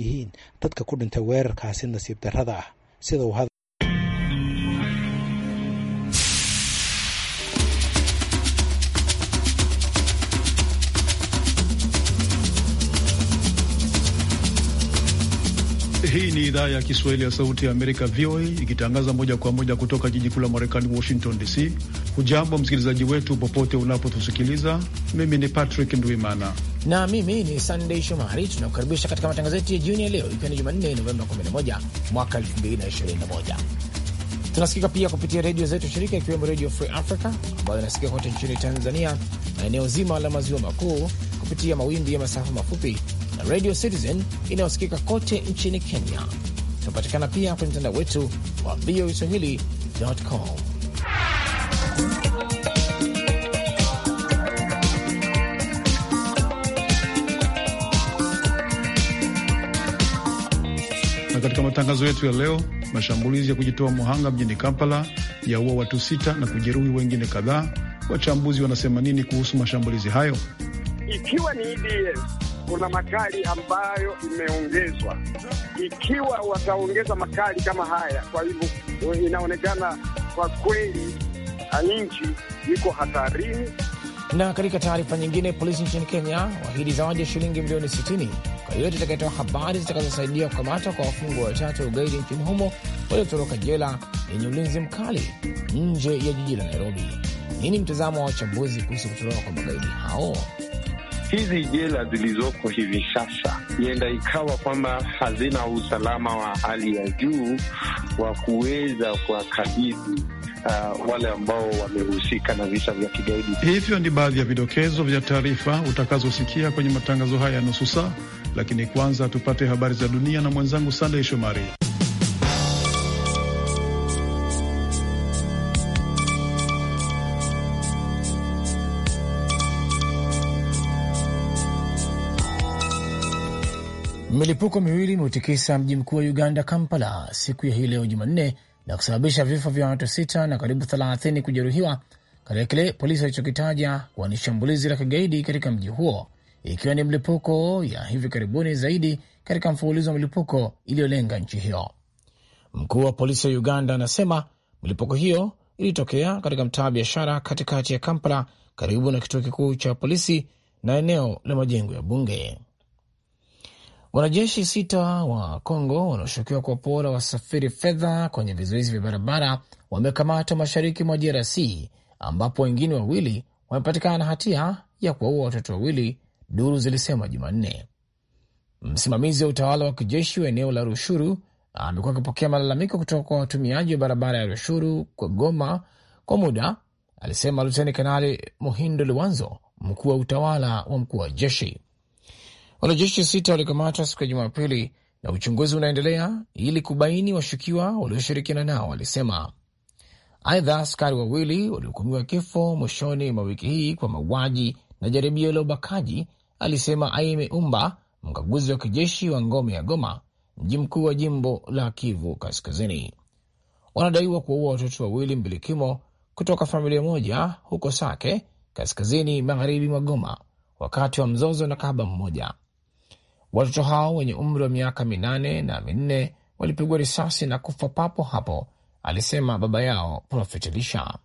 yihiin dadka ku dhintay weerarkaasi nasiib darrada ah sida uu hadalka idhaa ya Kiswahili ya Sauti ya Amerika, VOA, ikitangaza moja kwa moja kutoka jiji kuu la Marekani, Washington DC. Hujambo msikilizaji wetu popote unapotusikiliza. Mimi ni Patrick Ndwimana na mimi ni Sandey Shomari. Tunakukaribisha katika matangazo yetu ya jioni ya leo, ikiwa ni Jumanne Novemba 11 mwaka 2021. Tunasikika pia kupitia redio zetu shirika, ikiwemo Redio Free Africa ambayo inasikika kote nchini Tanzania na eneo zima la maziwa makuu kupitia mawimbi ya masafa mafupi na Radio Citizen inayosikika kote nchini Kenya. Tunapatikana pia kwenye mtandao wetu wa VOA swahili.com. Na katika matangazo yetu ya leo, mashambulizi ya kujitoa muhanga mjini Kampala yaua watu sita na kujeruhi wengine kadhaa. Wachambuzi wanasema nini kuhusu mashambulizi hayo? Ikiwa ni e kuna makali ambayo imeongezwa. Ikiwa wataongeza makali kama haya, kwa hivyo eh, inaonekana kwa kweli ah, nchi iko hatarini. Na katika taarifa nyingine, polisi nchini Kenya wahidi zawadi ya shilingi milioni 60 kwa yoyote atakayetoa habari zitakazosaidia kukamatwa kwa wafungwa watatu wa ugaidi nchini humo waliotoroka jela yenye ulinzi mkali nje ya jiji la Nairobi. Nini mtazamo wa wachambuzi kuhusu kutoroka kwa magaidi hao? hizi jela zilizoko hivi sasa ienda ikawa kwamba hazina usalama wa hali ya juu wa kuweza kuwakabidhi uh, wale ambao wamehusika na visa vya kigaidi. Hivyo ni baadhi ya vidokezo vya taarifa utakazosikia kwenye matangazo haya ya nusu saa, lakini kwanza tupate habari za dunia na mwenzangu Sandey Shomari. Milipuko miwili imeutikisa mji mkuu wa Uganda, Kampala, siku ya hii leo Jumanne na kusababisha vifo vya watu sita na karibu 30 kujeruhiwa katika kile polisi walichokitaja kuwa ni shambulizi la kigaidi katika mji huo, ikiwa ni mlipuko ya hivi karibuni zaidi katika mfululizo wa milipuko iliyolenga nchi hiyo. Mkuu wa polisi wa Uganda anasema milipuko hiyo ilitokea katika mtaa wa biashara katikati ya Kampala, karibu na kituo kikuu cha polisi na eneo la majengo ya bunge. Wanajeshi sita wa Kongo wanaoshukiwa kuwapora wasafiri fedha kwenye vizuizi vya barabara wamekamatwa mashariki mwa DRC, ambapo wengine wawili wamepatikana na hatia ya kuwaua watoto wawili, duru zilisema Jumanne. Msimamizi wa utawala wa kijeshi wa eneo la Rushuru amekuwa akipokea malalamiko kutoka kwa watumiaji wa barabara ya Rushuru kwa Goma kwa muda, alisema Luteni Kanali Muhindo Luwanzo, mkuu wa utawala wa mkuu wa jeshi. Wanajeshi sita walikamatwa siku ya Jumapili na uchunguzi unaendelea ili kubaini washukiwa walioshirikiana nao, walisema. Aidha, askari wawili walihukumiwa kifo mwishoni mwa wiki hii kwa mauaji na jaribio la ubakaji, alisema Aime Umba, mkaguzi wa kijeshi wa ngome ya Goma, mji mkuu wa jimbo la Kivu Kaskazini. Wanadaiwa kuwaua watoto wawili mbilikimo kutoka familia moja huko Sake, kaskazini magharibi mwa Goma, wakati wa mzozo na kahaba mmoja. Watoto hao wenye umri wa miaka minane na minne walipigwa risasi na kufa papo hapo, alisema baba yao Profet Elisha.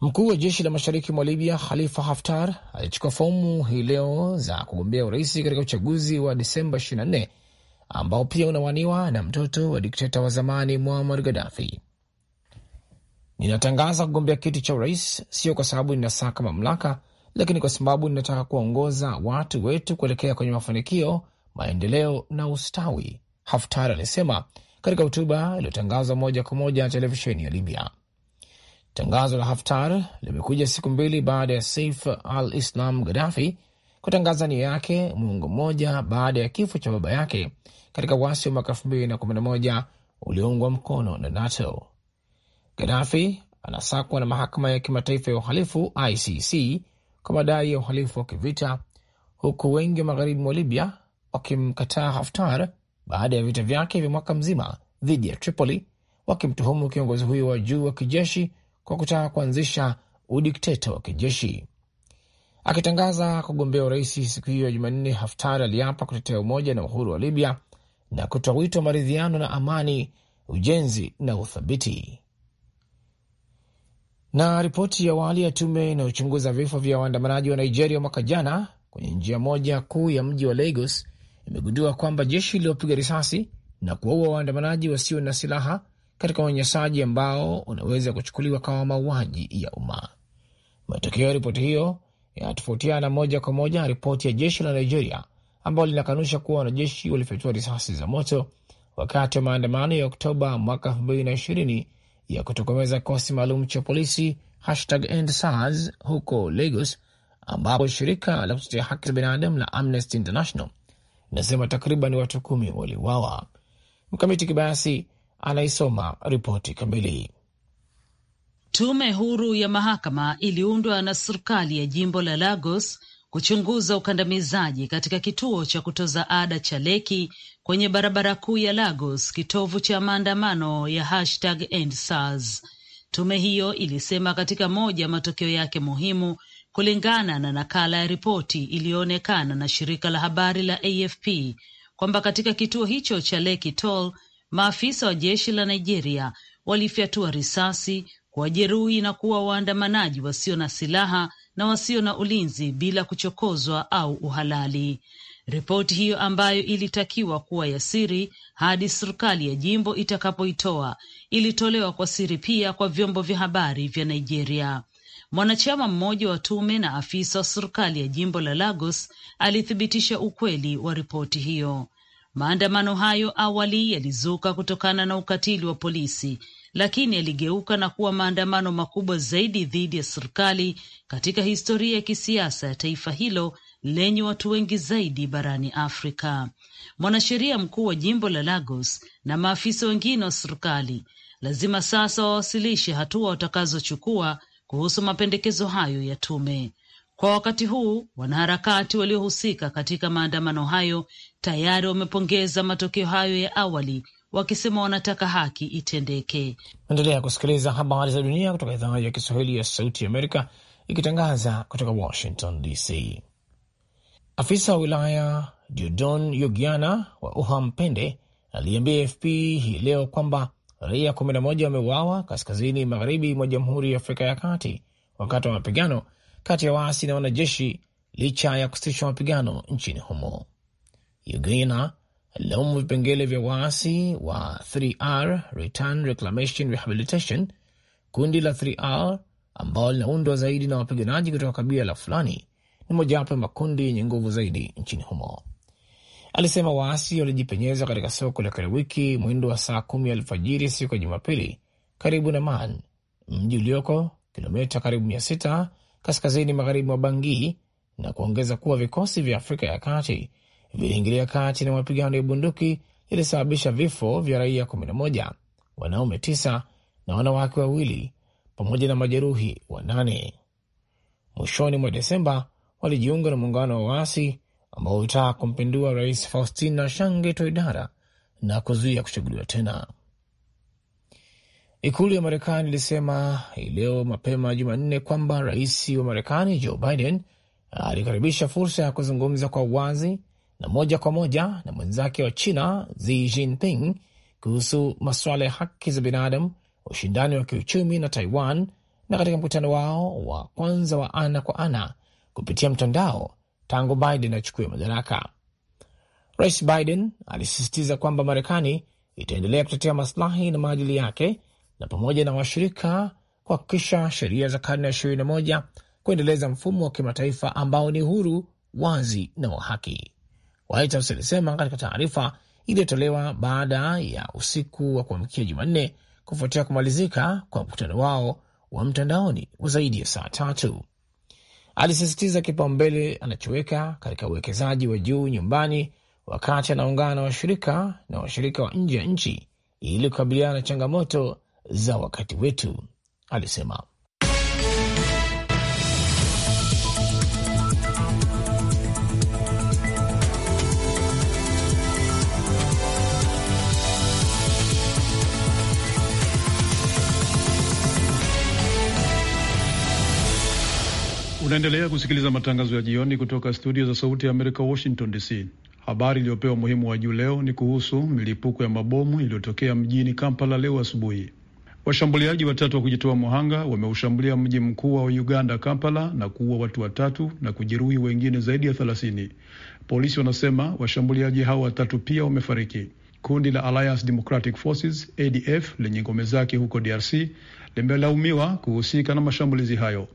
Mkuu wa jeshi la mashariki mwa Libya Khalifa Haftar alichukua fomu hii leo za kugombea urais katika uchaguzi wa Disemba 24 ambao pia unawaniwa na mtoto wa dikteta wa zamani Muammar Gaddafi. Ninatangaza kugombea kiti cha urais, sio kwa sababu ninasaka mamlaka, lakini kwa sababu ninataka kuwaongoza watu wetu kuelekea kwenye mafanikio, maendeleo na ustawi, Haftar alisema katika hotuba iliyotangazwa moja kwa moja na televisheni ya Libya. Tangazo la Haftar limekuja siku mbili baada ya Saif al-Islam Gaddafi kutangaza nia yake muongo mmoja baada ya kifo cha baba yake katika wasi wa mwaka 211 ulioungwa mkono na NATO. Gaddafi anasakwa na mahakama ya kimataifa ya uhalifu ICC kwa madai ya uhalifu wa kivita, huku wengi wa magharibi mwa Libya wakimkataa Haftar baada ya vita vyake vya mwaka mzima dhidi ya Tripoli, wakimtuhumu kiongozi huyo wa juu wa kijeshi kwa kutaka kuanzisha udikteta wa kijeshi. Akitangaza kugombea urais siku hiyo ya Jumanne, Haftar aliapa kutetea umoja na uhuru wa Libya na kutoa wito wa maridhiano na amani, ujenzi na uthabiti. Na ripoti ya awali ya tume inayochunguza vifo vya waandamanaji wa Nigeria mwaka jana kwenye njia moja kuu ya mji wa Lagos imegundua kwamba jeshi iliyopiga risasi na kuwaua waandamanaji wasio na silaha katika unyanyasaji ambao unaweza kuchukuliwa kama mauaji ya umma. Matokeo ya ripoti hiyo yanatofautiana moja kwa moja na ripoti ya jeshi la Nigeria ambalo linakanusha kuwa wanajeshi walifyatua risasi za moto wakati wa maandamano ya Oktoba mwaka 2020 ya kutokomeza kikosi maalum cha polisi #EndSARS huko Lagos, ambapo shirika la kutetea haki za binadamu la Amnesty International inasema takriban watu kumi waliuawa. Mkamiti Kibayasi anaisoma ripoti kamili. Tume huru ya mahakama iliundwa na serikali ya jimbo la Lagos kuchunguza ukandamizaji katika kituo cha kutoza ada cha Leki kwenye barabara kuu ya Lagos, kitovu cha maandamano ya hashtag EndSARS. Tume hiyo ilisema katika moja ya matokeo yake muhimu, kulingana na nakala ya ripoti iliyoonekana na shirika la habari la AFP kwamba katika kituo hicho cha Lekki Toll maafisa wa jeshi la Nigeria walifyatua risasi, kuwajeruhi na kuwa waandamanaji wasio na silaha na wasio na ulinzi bila kuchokozwa au uhalali. Ripoti hiyo ambayo ilitakiwa kuwa ya siri hadi serikali ya jimbo itakapoitoa ilitolewa kwa siri pia kwa vyombo vya habari vya Nigeria. Mwanachama mmoja wa tume na afisa wa serikali ya jimbo la Lagos alithibitisha ukweli wa ripoti hiyo. Maandamano hayo awali yalizuka kutokana na ukatili wa polisi lakini yaligeuka na kuwa maandamano makubwa zaidi dhidi ya serikali katika historia ya kisiasa ya taifa hilo lenye watu wengi zaidi barani Afrika. Mwanasheria mkuu wa jimbo la Lagos na maafisa wengine wa serikali lazima sasa wawasilishe hatua watakazochukua kuhusu mapendekezo hayo ya tume. Kwa wakati huu, wanaharakati waliohusika katika maandamano hayo tayari wamepongeza matokeo hayo ya awali wakisema wanataka haki itendeke. Naendelea kusikiliza habari za dunia kutoka idhaa ya Kiswahili ya Sauti Amerika ikitangaza kutoka Washington DC. Afisa wa wilaya Diodon Yogiana wa Uhampende aliambia AFP hii leo kwamba raia 11 wameuawa kaskazini magharibi mwa Jamhuri ya Afrika ya Kati wakati wa mapigano kati ya waasi na wanajeshi licha ya kusitishwa mapigano nchini humo. Yogiana alilaumu vipengele vya waasi wa 3R Return Reclamation Rehabilitation, kundi la 3R ambao linaundwa zaidi na wapiganaji kutoka kabila la Fulani ni mojawapo ya makundi yenye nguvu zaidi nchini humo. Alisema waasi walijipenyeza katika soko la Kariwiki mwendo wa saa kumi alfajiri siku ya Jumapili, karibu na Man, mji ulioko kilomita karibu mia sita kaskazini magharibi mwa Bangui, na kuongeza kuwa vikosi vya Afrika ya Kati viliingilia kati na mapigano ya bunduki ilisababisha vifo vya raia 11 wanaume 9 na wanawake wawili pamoja na majeruhi wanane. Mwishoni mwa Desemba walijiunga na muungano wa waasi ambao ulitaka kumpindua Rais Faustin Archange Toidara na kuzuia kuchaguliwa tena. Ikulu ya Marekani ilisema hii leo mapema Jumanne kwamba rais wa Marekani Joe Biden alikaribisha fursa ya kuzungumza kwa uwazi na moja kwa moja na mwenzake wa China Xi Jinping kuhusu masuala ya haki za binadamu, ushindani wa kiuchumi na Taiwan, na katika mkutano wao wa kwanza wa ana kwa ana kupitia mtandao tangu Biden achukue madaraka. Rais Biden alisisitiza kwamba Marekani itaendelea kutetea maslahi na maadili yake na pamoja na washirika kuhakikisha sheria za karne ya ishirini na moja kuendeleza mfumo wa kimataifa ambao ni huru, wazi na wa haki. White House ilisema katika taarifa iliyotolewa baada ya usiku wa kuamkia Jumanne kufuatia kumalizika kwa mkutano wao wa mtandaoni wa zaidi ya saa tatu. Alisisitiza kipaumbele anachoweka katika uwekezaji wa juu nyumbani wakati anaungana na washirika na washirika wa nje ya nchi ili kukabiliana na changamoto za wakati wetu, alisema. Unaendelea kusikiliza matangazo ya jioni kutoka studio za Sauti ya Amerika, Washington DC. Habari iliyopewa umuhimu wa juu leo ni kuhusu milipuko ya mabomu iliyotokea mjini Kampala leo asubuhi. Washambuliaji watatu wa kujitoa muhanga wameushambulia mji mkuu wa Uganda, Kampala, na kuua watu watatu na kujeruhi wengine zaidi ya thelathini. Polisi wanasema washambuliaji hao watatu pia wamefariki. Kundi la Alliance Democratic Forces ADF lenye ngome zake huko DRC limelaumiwa kuhusika na mashambulizi hayo.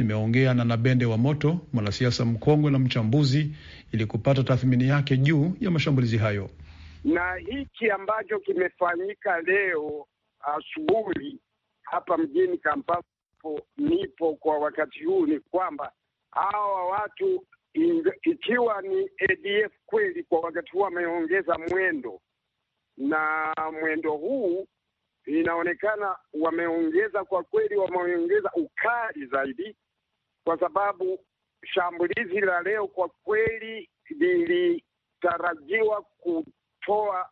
Nimeongea na Nabende wa Moto, mwanasiasa mkongwe na mchambuzi, ili kupata tathmini yake juu ya mashambulizi hayo na hiki ambacho kimefanyika leo asubuhi hapa mjini Kampala nipo kwa wakati huu ni kwamba hawa watu ikiwa ni ADF kweli, kwa wakati huu wameongeza mwendo, na mwendo huu inaonekana wameongeza kwa kweli, wameongeza ukali zaidi, kwa sababu shambulizi la leo kwa kweli lilitarajiwa kutoa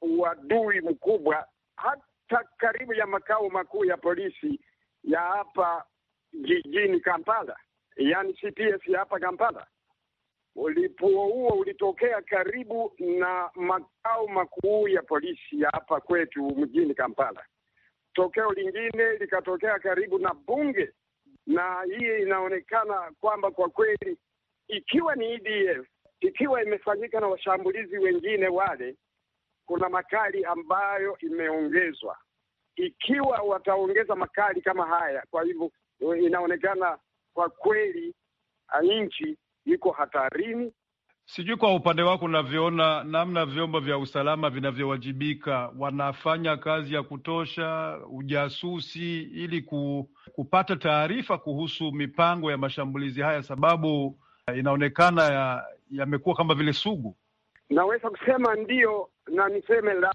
uadui mkubwa hata karibu ya makao makuu ya polisi ya hapa jijini Kampala, yani CPS ya hapa Kampala. Ulipuo huo ulitokea karibu na makao makuu ya polisi ya hapa kwetu mjini Kampala. Tokeo lingine likatokea karibu na bunge na hii inaonekana kwamba kwa kweli, ikiwa ni EDF, ikiwa imefanyika na washambulizi wengine wale, kuna makali ambayo imeongezwa, ikiwa wataongeza makali kama haya. Kwa hivyo inaonekana kwa kweli ah, nchi iko hatarini, Sijui kwa upande wako unavyoona namna vyombo vya usalama vinavyowajibika, wanafanya kazi ya kutosha ujasusi ili ku, kupata taarifa kuhusu mipango ya mashambulizi haya, sababu eh, inaonekana yamekuwa ya kama vile sugu. Naweza kusema ndio na niseme la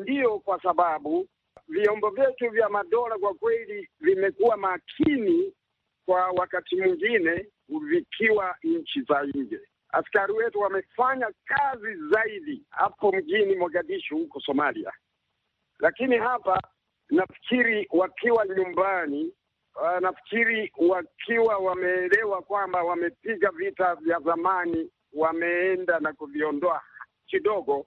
ndio, kwa sababu vyombo vyetu vya madola kwa kweli vimekuwa makini kwa wakati mwingine, vikiwa nchi za nje askari wetu wamefanya kazi zaidi hapo mjini Mogadishu huko Somalia, lakini hapa nafikiri wakiwa nyumbani Uh, nafikiri wakiwa wameelewa kwamba wamepiga vita vya zamani, wameenda na kuviondoa kidogo,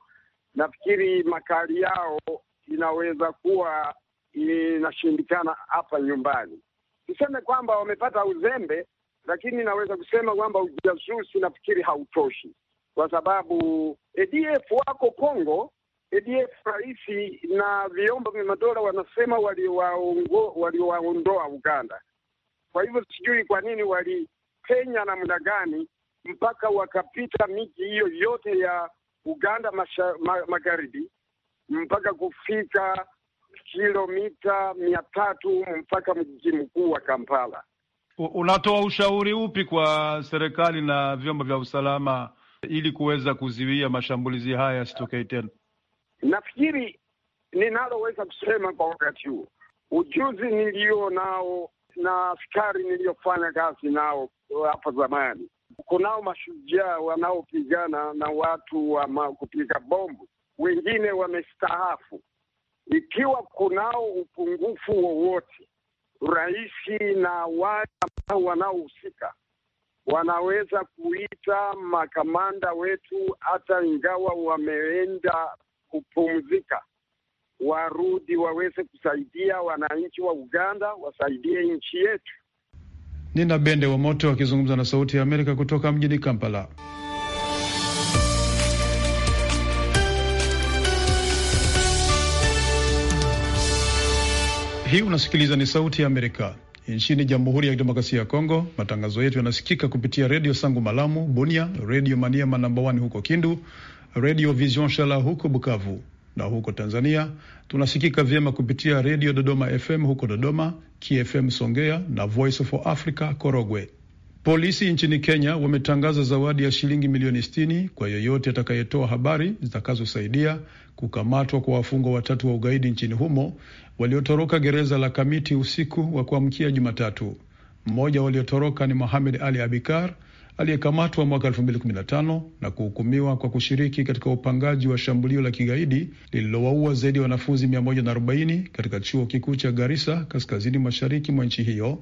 nafikiri makali yao inaweza kuwa inashindikana hapa nyumbani. Tuseme kwamba wamepata uzembe, lakini naweza kusema kwamba ujasusi nafikiri hautoshi, kwa sababu ADF wako Kongo. ADF rais na vyombo vya madola wanasema waliwaondoa Uganda. Kwa hivyo sijui kwa nini walipenya namna gani mpaka wakapita miji hiyo yote ya Uganda masha, ma, magharibi mpaka kufika kilomita mia tatu mpaka mji mkuu wa Kampala. Unatoa ushauri upi kwa serikali na vyombo vya usalama ili kuweza kuziwia mashambulizi haya yasitokee tena? Nafikiri ninaloweza kusema kwa wakati huo ujuzi nilio nao na askari niliyofanya kazi nao hapo zamani, kunao mashujaa wanaopigana na watu wa kupiga bombu, wengine wamestaafu. Ikiwa kunao upungufu wowote rais na wale ambao wanaohusika wanaweza kuita makamanda wetu, hata ingawa wameenda kupumzika, warudi waweze kusaidia wananchi wa Uganda, wasaidie nchi yetu. Nina Bende wa Moto akizungumza na Sauti ya Amerika kutoka mjini Kampala. Hii unasikiliza ni Sauti ya Amerika nchini Jamhuri ya Kidemokrasia ya Kongo. Matangazo yetu yanasikika kupitia Redio Sangu Malamu Bunia, Redio Maniema namba 1 huko Kindu, Redio Vision Shala huko Bukavu, na huko Tanzania tunasikika vyema kupitia Redio Dodoma FM huko Dodoma, KFM Songea na Voice of Africa Korogwe. Polisi nchini Kenya wametangaza zawadi ya shilingi milioni 60 kwa yeyote atakayetoa habari zitakazosaidia kukamatwa kwa wafungwa watatu wa ugaidi nchini humo waliotoroka gereza la Kamiti usiku wa kuamkia Jumatatu. Mmoja waliotoroka ni Mohamed Ali Abikar aliyekamatwa mwaka 2015 na kuhukumiwa kwa kushiriki katika upangaji wa shambulio la kigaidi lililowaua zaidi ya wanafunzi 140 katika chuo kikuu cha Garissa kaskazini mashariki mwa nchi hiyo,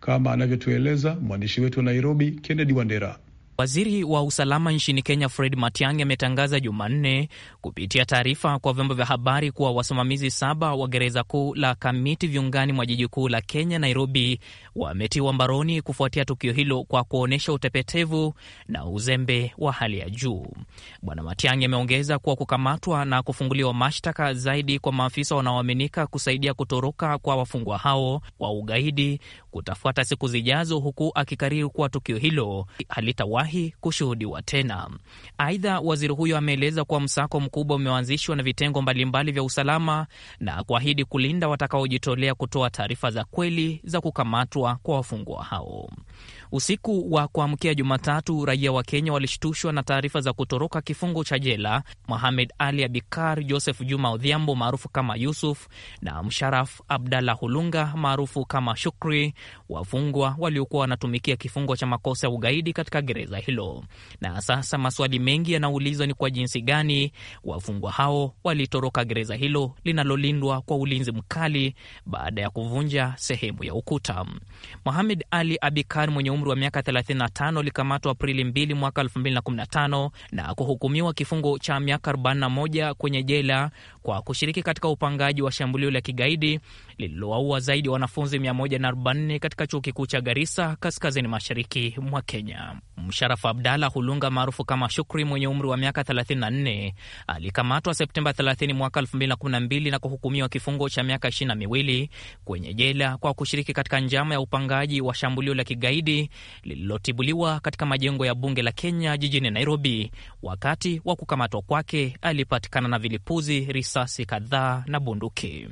kama anavyotueleza mwandishi wetu wa Nairobi Kennedy Wandera. Waziri wa usalama nchini Kenya Fred Matiang'i ametangaza Jumanne kupitia taarifa kwa vyombo vya habari kuwa wasimamizi saba wa gereza kuu la Kamiti viungani mwa jiji kuu la Kenya, Nairobi, wametiwa mbaroni kufuatia tukio hilo kwa kuonyesha utepetevu na uzembe wa hali ya juu. Bwana Matiang'i ameongeza kuwa kukamatwa na kufunguliwa mashtaka zaidi kwa maafisa wanaoaminika kusaidia kutoroka kwa wafungwa hao wa ugaidi kutafuata siku zijazo, huku akikariri kuwa tukio hilo halitawahi hawajawahi kushuhudiwa tena. Aidha, waziri huyo ameeleza kuwa msako mkubwa umeanzishwa na vitengo mbalimbali vya usalama na kuahidi kulinda watakaojitolea kutoa taarifa za kweli za kukamatwa kwa wafungwa hao. Usiku wa kuamkia Jumatatu, raia wa Kenya walishtushwa na taarifa za kutoroka kifungo cha jela Mohamed Ali Abikar, Joseph Juma Odhiambo maarufu kama Yusuf na Msharaf Abdallah Hulunga maarufu kama Shukri, wafungwa waliokuwa wanatumikia kifungo cha makosa ya ugaidi katika gereza hilo. Na sasa maswali mengi yanaulizwa ni kwa jinsi gani wafungwa hao walitoroka gereza hilo linalolindwa kwa ulinzi mkali baada ya kuvunja sehemu ya ukuta. Mohamed Ali Abikar mwenye umri wa miaka 35 likamatwa Aprili 2 mwaka 2015 na kuhukumiwa kifungo cha miaka 41 kwenye jela kwa kushiriki katika upangaji wa shambulio la kigaidi lililowaua zaidi ya wanafunzi 140 katika chuo kikuu cha Garissa kaskazini mashariki mwa Kenya. Msharafu Abdalla Hulunga maarufu kama Shukri mwenye umri wa miaka 34 alikamatwa Septemba 30 mwaka 2012 na kuhukumiwa kifungo cha miaka 22 kwenye jela kwa kushiriki katika njama ya upangaji wa shambulio la kigaidi lililotibuliwa katika majengo ya bunge la Kenya jijini Nairobi. Wakati wa kukamatwa kwake alipatikana na vilipuzi, risasi kadhaa na bunduki.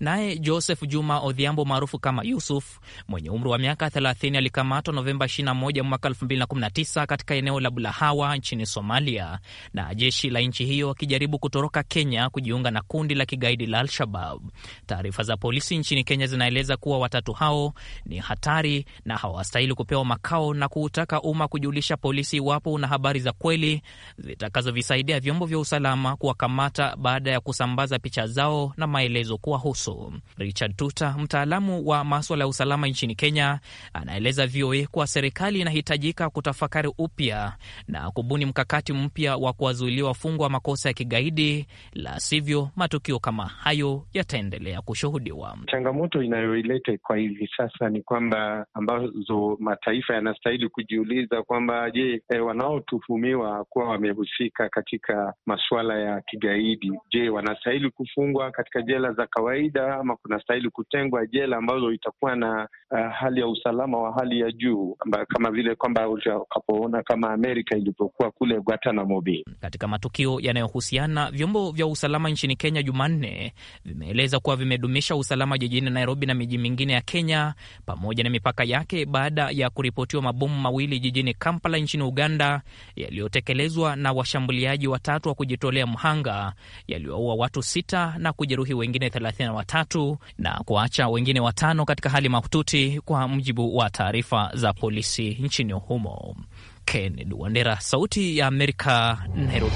Naye Jos Joseph Juma Odhiambo maarufu kama Yusuf mwenye umri wa miaka 30 alikamatwa Novemba 21 mwaka 2019 katika eneo la Bulahawa nchini Somalia na jeshi la nchi hiyo akijaribu kutoroka Kenya kujiunga na kundi la kigaidi la Al-Shabab. Taarifa za polisi nchini Kenya zinaeleza kuwa watatu hao ni hatari na hawastahili kupewa makao na kuutaka umma kujulisha polisi iwapo una habari za kweli zitakazovisaidia vyombo vya usalama kuwakamata baada ya kusambaza picha zao na maelezo kuwahusu. Richard Tuta, mtaalamu wa maswala ya usalama nchini Kenya, anaeleza VOA kuwa serikali inahitajika kutafakari upya na kubuni mkakati mpya wa kuwazuilia wafungwa wa makosa ya kigaidi, la sivyo matukio kama hayo yataendelea kushuhudiwa. Changamoto inayoileta kwa hivi sasa ni kwamba ambazo mataifa yanastahili kujiuliza kwamba je, e, wanaotuhumiwa kuwa wamehusika katika masuala ya kigaidi, je, wanastahili kufungwa katika jela za kawaida ama kuna zinastahili kutengwa jela ambazo itakuwa na uh, hali ya usalama wa hali ya juu amba, kama vile kwamba utakapoona kama Amerika ilivyokuwa kule Guantanamo Bay. Katika matukio yanayohusiana, vyombo vya usalama nchini Kenya Jumanne vimeeleza kuwa vimedumisha usalama jijini Nairobi na miji mingine ya Kenya pamoja na mipaka yake baada ya kuripotiwa mabomu mawili jijini Kampala nchini Uganda yaliyotekelezwa na washambuliaji watatu wa kujitolea mhanga yaliyoua watu sita na kujeruhi wengine watatu na kuacha wengine watano katika hali mahututi, kwa mujibu wa taarifa za polisi nchini humo. Kennedy Wandera, Sauti ya Amerika, Nairobi.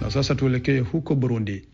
Na sasa tuelekee huko Burundi.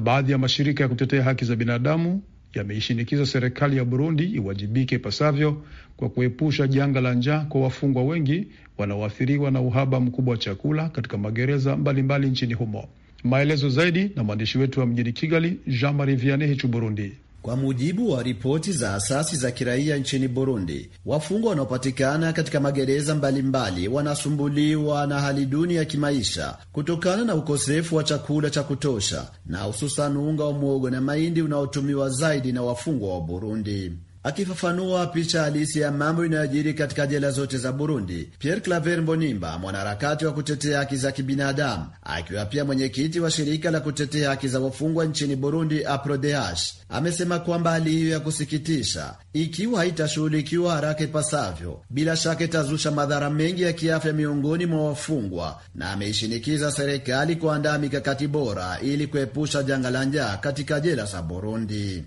Baadhi ya mashirika ya kutetea haki za binadamu yameishinikiza serikali ya Burundi iwajibike ipasavyo kwa kuepusha janga la njaa kwa wafungwa wengi wanaoathiriwa na uhaba mkubwa wa chakula katika magereza mbalimbali mbali nchini humo. Maelezo zaidi na mwandishi wetu wa mjini Kigali, Jean Marie Vianney Burundi. Kwa mujibu wa ripoti za asasi za kiraia nchini Burundi, wafungwa wanaopatikana katika magereza mbalimbali wanasumbuliwa na hali duni ya kimaisha kutokana na ukosefu wa chakula cha kutosha na hususan unga wa mwogo na mahindi unaotumiwa zaidi na wafungwa wa Burundi. Akifafanua picha halisi ya mambo inayojiri katika jela zote za Burundi, Pierre Claver Mbonimba, mwanaharakati wa kutetea haki za kibinadamu, akiwa pia mwenyekiti wa shirika la kutetea haki za wafungwa nchini Burundi, APRODEH, amesema kwamba hali hiyo ya kusikitisha, ikiwa haitashughulikiwa haraka ipasavyo, bila shaka itazusha madhara mengi ya kiafya miongoni mwa wafungwa, na ameishinikiza serikali kuandaa mikakati bora ili kuepusha janga la njaa katika jela za Burundi.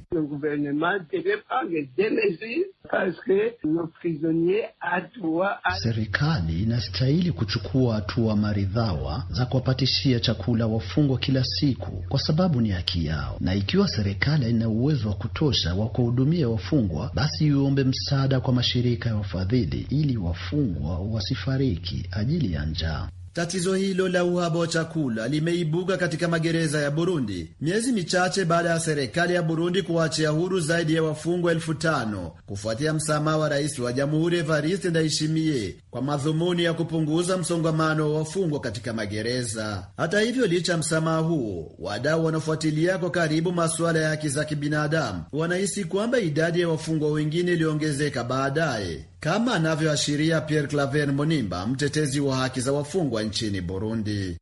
Serikali inastahili kuchukua hatua maridhawa za kuwapatishia chakula wafungwa kila siku, kwa sababu ni haki yao, na ikiwa serikali haina uwezo wa kutosha wa kuwahudumia wafungwa, basi iombe msaada kwa mashirika ya wafadhili ili wafungwa wasifariki ajili ya njaa. Tatizo hilo la uhaba wa chakula limeibuka katika magereza ya Burundi miezi michache baada ya serikali ya Burundi kuwaachia huru zaidi ya wafungwa elfu tano kufuatia msamaha wa rais wa jamhuri Evariste Ndayishimiye kwa madhumuni ya kupunguza msongamano wa wafungwa katika magereza. Hata hivyo, licha ya msamaha huo, wadau wanaofuatilia kwa karibu masuala ya haki za kibinadamu wanahisi kwamba idadi ya wafungwa wengine iliongezeka baadaye kama anavyoashiria Pierre Claver Monimba, mtetezi wa haki za wafungwa nchini Burundi.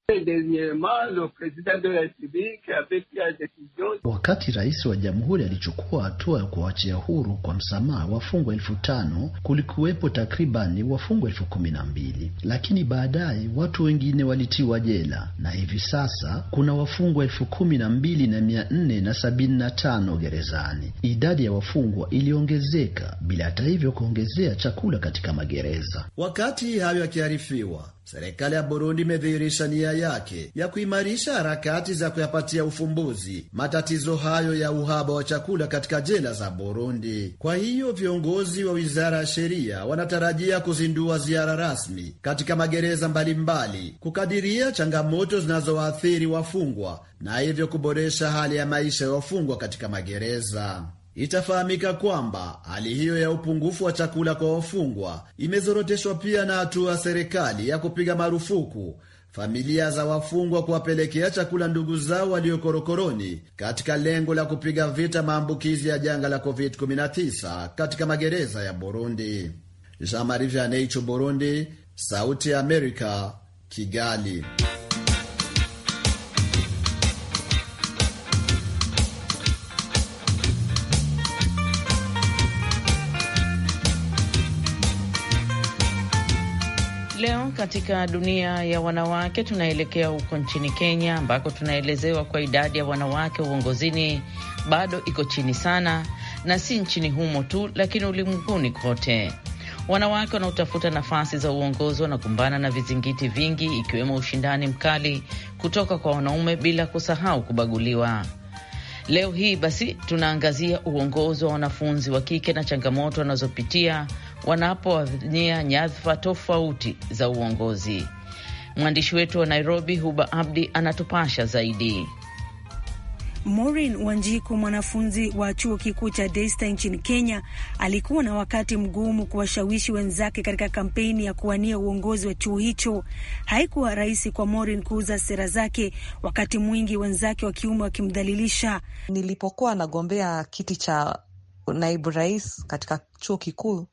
Wakati rais wa jamhuri alichukua hatua ya kuwaachia huru kwa msamaha wafungwa elfu tano kulikuwepo takribani wafungwa elfu kumi na mbili lakini baadaye watu wengine walitiwa jela na hivi sasa kuna wafungwa elfu kumi na mbili na mia nne na sabini na tano gerezani. Idadi ya wafungwa iliongezeka bila hata hivyo kuongezea chakula katika magereza. Wakati hayo yakiharifiwa serikali ya Burundi imedhihirisha nia yake ya kuimarisha harakati za kuyapatia ufumbuzi matatizo hayo ya uhaba wa chakula katika jela za Burundi. Kwa hiyo viongozi wa wizara ya sheria wanatarajia kuzindua ziara rasmi katika magereza mbalimbali mbali, kukadiria changamoto zinazowaathiri wafungwa na hivyo kuboresha hali ya maisha ya wafungwa katika magereza itafahamika kwamba hali hiyo ya upungufu wa chakula kwa wafungwa imezoroteshwa pia na hatua ya serikali ya kupiga marufuku familia za wafungwa kuwapelekea chakula ndugu zao waliokorokoroni katika lengo la kupiga vita maambukizi ya janga la COVID-19 katika magereza ya Burundi. Jean Marie Vianney, Burundi, Sauti ya Amerika, Kigali. Leo katika dunia ya wanawake, tunaelekea huko nchini Kenya ambako tunaelezewa kwa idadi ya wanawake uongozini bado iko chini sana, na si nchini humo tu, lakini ulimwenguni kote. Wanawake wanaotafuta nafasi za uongozi wanakumbana na vizingiti vingi, ikiwemo ushindani mkali kutoka kwa wanaume, bila kusahau kubaguliwa. Leo hii basi tunaangazia uongozi wa wanafunzi wa kike na changamoto wanazopitia wanapowania nyadhifa tofauti za uongozi. Mwandishi wetu wa Nairobi, Huba Abdi, anatupasha zaidi. Maureen Wanjiku, mwanafunzi wa chuo kikuu cha Daystar nchini Kenya, alikuwa na wakati mgumu kuwashawishi wenzake katika kampeni ya kuwania uongozi wa chuo hicho. Haikuwa rahisi kwa Maureen kuuza sera zake, wakati mwingi wenzake wa kiume wakimdhalilisha. Nilipokuwa nagombea kiti cha naibu rais katika chuo kikuu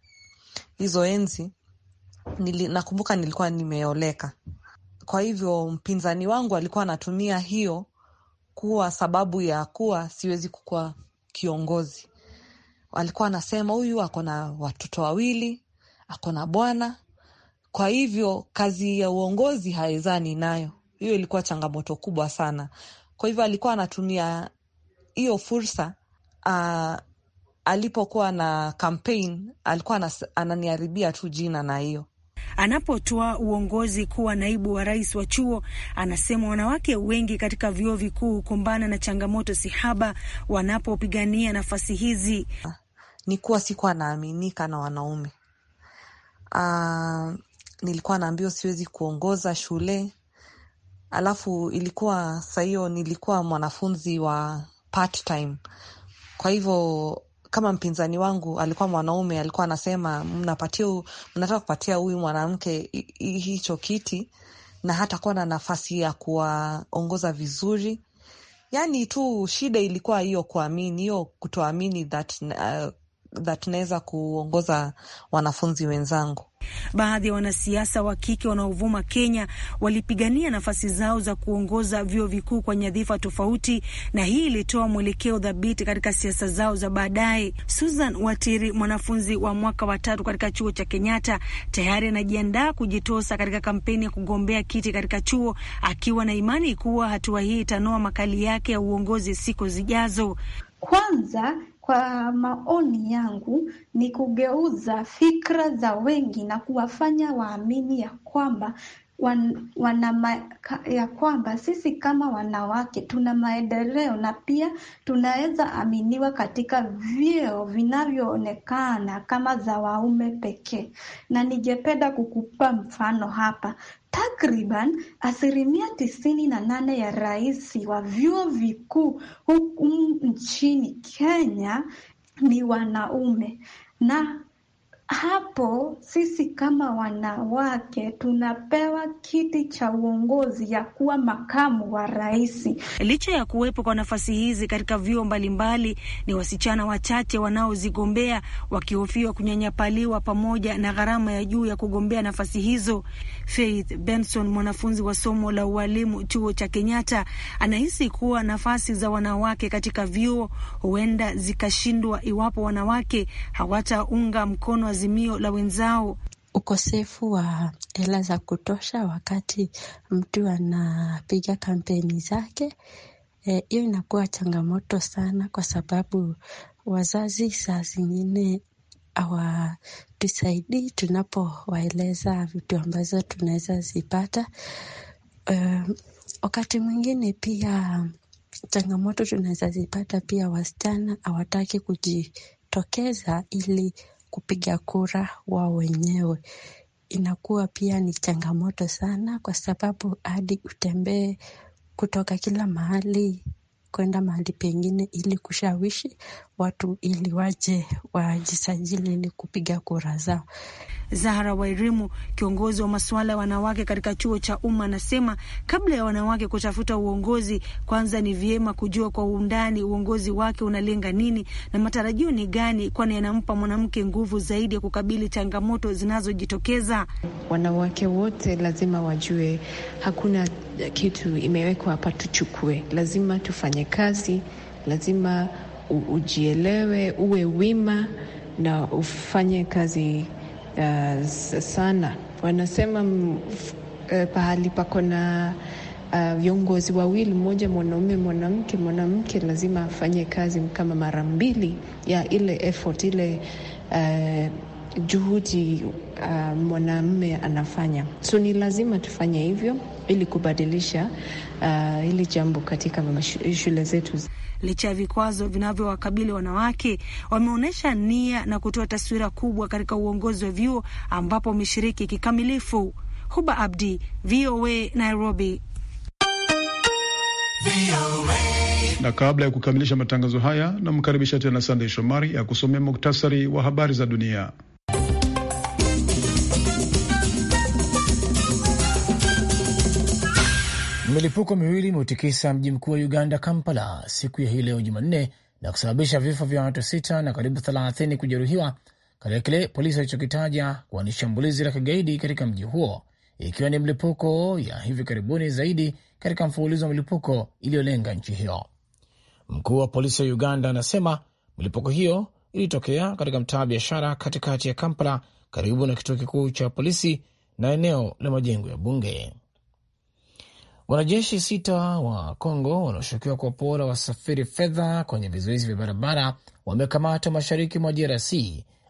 hizo enzi nili, nakumbuka nilikuwa nimeoleka. Kwa hivyo mpinzani wangu alikuwa anatumia hiyo kuwa sababu ya kuwa siwezi kukuwa kiongozi. Alikuwa anasema huyu ako na watoto wawili, ako na bwana, kwa hivyo kazi ya uongozi haezani nayo. Hiyo ilikuwa changamoto kubwa sana. Kwa hivyo alikuwa anatumia hiyo fursa uh, alipokuwa na campaign alikuwa ananiharibia tu jina na hiyo Anapotoa uongozi kuwa naibu wa rais wa chuo, anasema wanawake wengi katika vyuo vikuu hukumbana na changamoto sihaba wanapopigania nafasi hizi. Ni kuwa sikuwa naaminika na wanaume. Uh, nilikuwa naambiwa siwezi kuongoza shule, alafu ilikuwa saa hiyo nilikuwa mwanafunzi wa part time, kwa hivyo kama mpinzani wangu alikuwa mwanaume, alikuwa anasema mnapatia, mnataka kupatia huyu mwanamke hicho kiti na hata kuwa na nafasi ya kuwaongoza vizuri. Yani tu shida ilikuwa hiyo kuamini, hiyo kutoamini that uh, that naweza kuongoza wanafunzi wenzangu. Baadhi ya wanasiasa wa kike wanaovuma Kenya walipigania nafasi zao za kuongoza vyuo vikuu kwa nyadhifa tofauti, na hii ilitoa mwelekeo dhabiti katika siasa zao za baadaye. Susan Watiri, mwanafunzi wa mwaka wa tatu katika chuo cha Kenyatta, tayari anajiandaa kujitosa katika kampeni ya kugombea kiti katika chuo, akiwa na imani kuwa hatua hii itanoa makali yake ya uongozi siku zijazo. Kwanza kwa maoni yangu ni kugeuza fikra za wengi na kuwafanya waamini ya kwamba wan, wana ya kwamba sisi kama wanawake tuna maendeleo na pia tunaweza aminiwa katika vyeo vinavyoonekana kama za waume pekee, na ningependa kukupa mfano hapa. Takriban asilimia tisini na nane ya raisi wa vyuo vikuu huku nchini Kenya ni wanaume na hapo sisi kama wanawake tunapewa kiti cha uongozi ya kuwa makamu wa rais. Licha ya kuwepo kwa nafasi hizi katika vyuo mbalimbali, ni wasichana wachache wanaozigombea wakihofiwa kunyanyapaliwa pamoja na gharama ya juu ya kugombea nafasi hizo. Faith Benson, mwanafunzi wa somo la ualimu chuo cha Kenyatta, anahisi kuwa nafasi za wanawake katika vyuo huenda zikashindwa iwapo wanawake hawataunga mkono azimio la wenzao. Ukosefu wa hela za kutosha wakati mtu anapiga kampeni zake, e, hiyo e, inakuwa changamoto sana, kwa sababu wazazi saa zingine hawatusaidii tunapowaeleza vitu ambazo tunaweza zipata. E, wakati mwingine pia changamoto tunaweza zipata pia, wasichana hawataki kujitokeza ili kupiga kura wao wenyewe. Inakuwa pia ni changamoto sana, kwa sababu hadi utembee kutoka kila mahali kwenda mahali pengine ili kushawishi watu ili waje wajisajili ili kupiga kura zao. Zahara Wairimu, kiongozi wa masuala ya wanawake katika chuo cha umma, anasema kabla ya wanawake kutafuta uongozi, kwanza ni vyema kujua kwa undani uongozi wake unalenga nini na matarajio ni gani, kwani yanampa mwanamke nguvu zaidi ya kukabili changamoto zinazojitokeza. Wanawake wote lazima wajue hakuna kitu imewekwa hapa tuchukue, lazima tufanye kazi, lazima ujielewe, uwe wima na ufanye kazi uh, sana. Wanasema uh, pahali pako na uh, viongozi wawili, mmoja mwanaume, mwanamke, mwanamke lazima afanye kazi kama mara mbili ya ile effort ile uh, juhudi uh, mwanamume anafanya. So ni lazima tufanye hivyo ili kubadilisha uh, hili jambo katika shule zetu. Licha ya vikwazo vinavyowakabili wanawake, wameonyesha nia na kutoa taswira kubwa katika uongozi wa vyuo ambapo wameshiriki kikamilifu. Huba Abdi, VOA Nairobi. Na kabla ya kukamilisha matangazo haya, namkaribisha tena Sandey Shomari ya kusomea muktasari wa habari za dunia. Milipuko miwili imeutikisa mji mkuu wa Uganda, Kampala, siku ya hii leo Jumanne na kusababisha vifo vya watu sita na karibu thelathini kujeruhiwa katika kile polisi alichokitaja kuwa ni shambulizi la kigaidi katika mji huo, ikiwa ni mlipuko ya hivi karibuni zaidi katika mfululizo wa milipuko iliyolenga nchi hiyo. Mkuu wa polisi wa Uganda anasema milipuko hiyo ilitokea katika mtaa wa biashara katikati ya Kampala, karibu na kituo kikuu cha polisi na eneo la majengo ya bunge. Wanajeshi sita wa Kongo wanaoshukiwa kuwapora wasafiri fedha kwenye vizuizi vya barabara wamekamatwa mashariki mwa DRC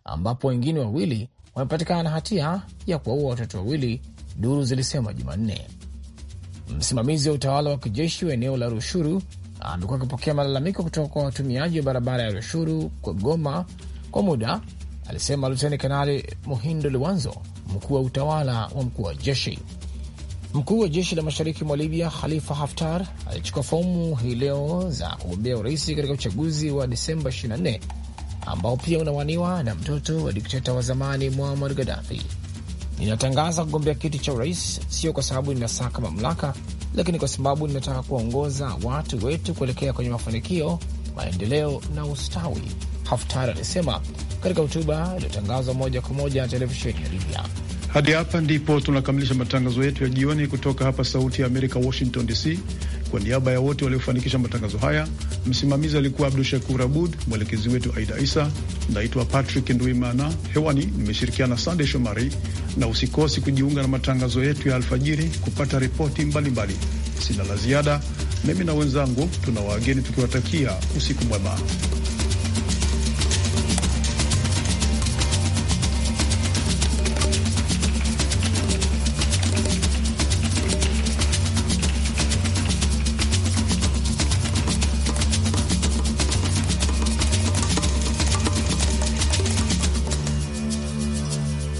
ambapo wengine wawili wamepatikana na hatia ya kuwaua watoto wawili, duru zilisema Jumanne. Msimamizi wa utawala wa kijeshi wa eneo la Rushuru amekuwa akipokea malalamiko kutoka kwa watumiaji wa barabara ya Rushuru kwa Goma kwa muda, alisema Luteni Kanali Muhindo Luwanzo, mkuu wa utawala wa mkuu wa jeshi. Mkuu wa jeshi la mashariki mwa Libya Khalifa Haftar alichukua fomu hii leo za kugombea urais katika uchaguzi wa Disemba 24 ambao pia unawaniwa na mtoto wa dikteta wa zamani Muammar Gaddafi. Ninatangaza kugombea kiti cha urais, sio kwa sababu ninasaka mamlaka, lakini kwa sababu ninataka kuwaongoza watu wetu kuelekea kwenye mafanikio, maendeleo na ustawi, Haftar alisema katika hotuba iliyotangazwa moja kwa moja na televisheni ya Libya. Hadi hapa ndipo tunakamilisha matangazo yetu ya jioni kutoka hapa Sauti ya Amerika, Washington DC. Kwa niaba ya wote waliofanikisha matangazo haya, msimamizi alikuwa Abdu Shakur Abud, mwelekezi wetu Aida Isa. Naitwa Patrick Ndwimana, hewani nimeshirikiana Sande Shomari, na usikosi kujiunga na matangazo yetu ya alfajiri kupata ripoti mbalimbali. Sina la ziada, mimi na wenzangu tuna wageni tukiwatakia usiku mwema.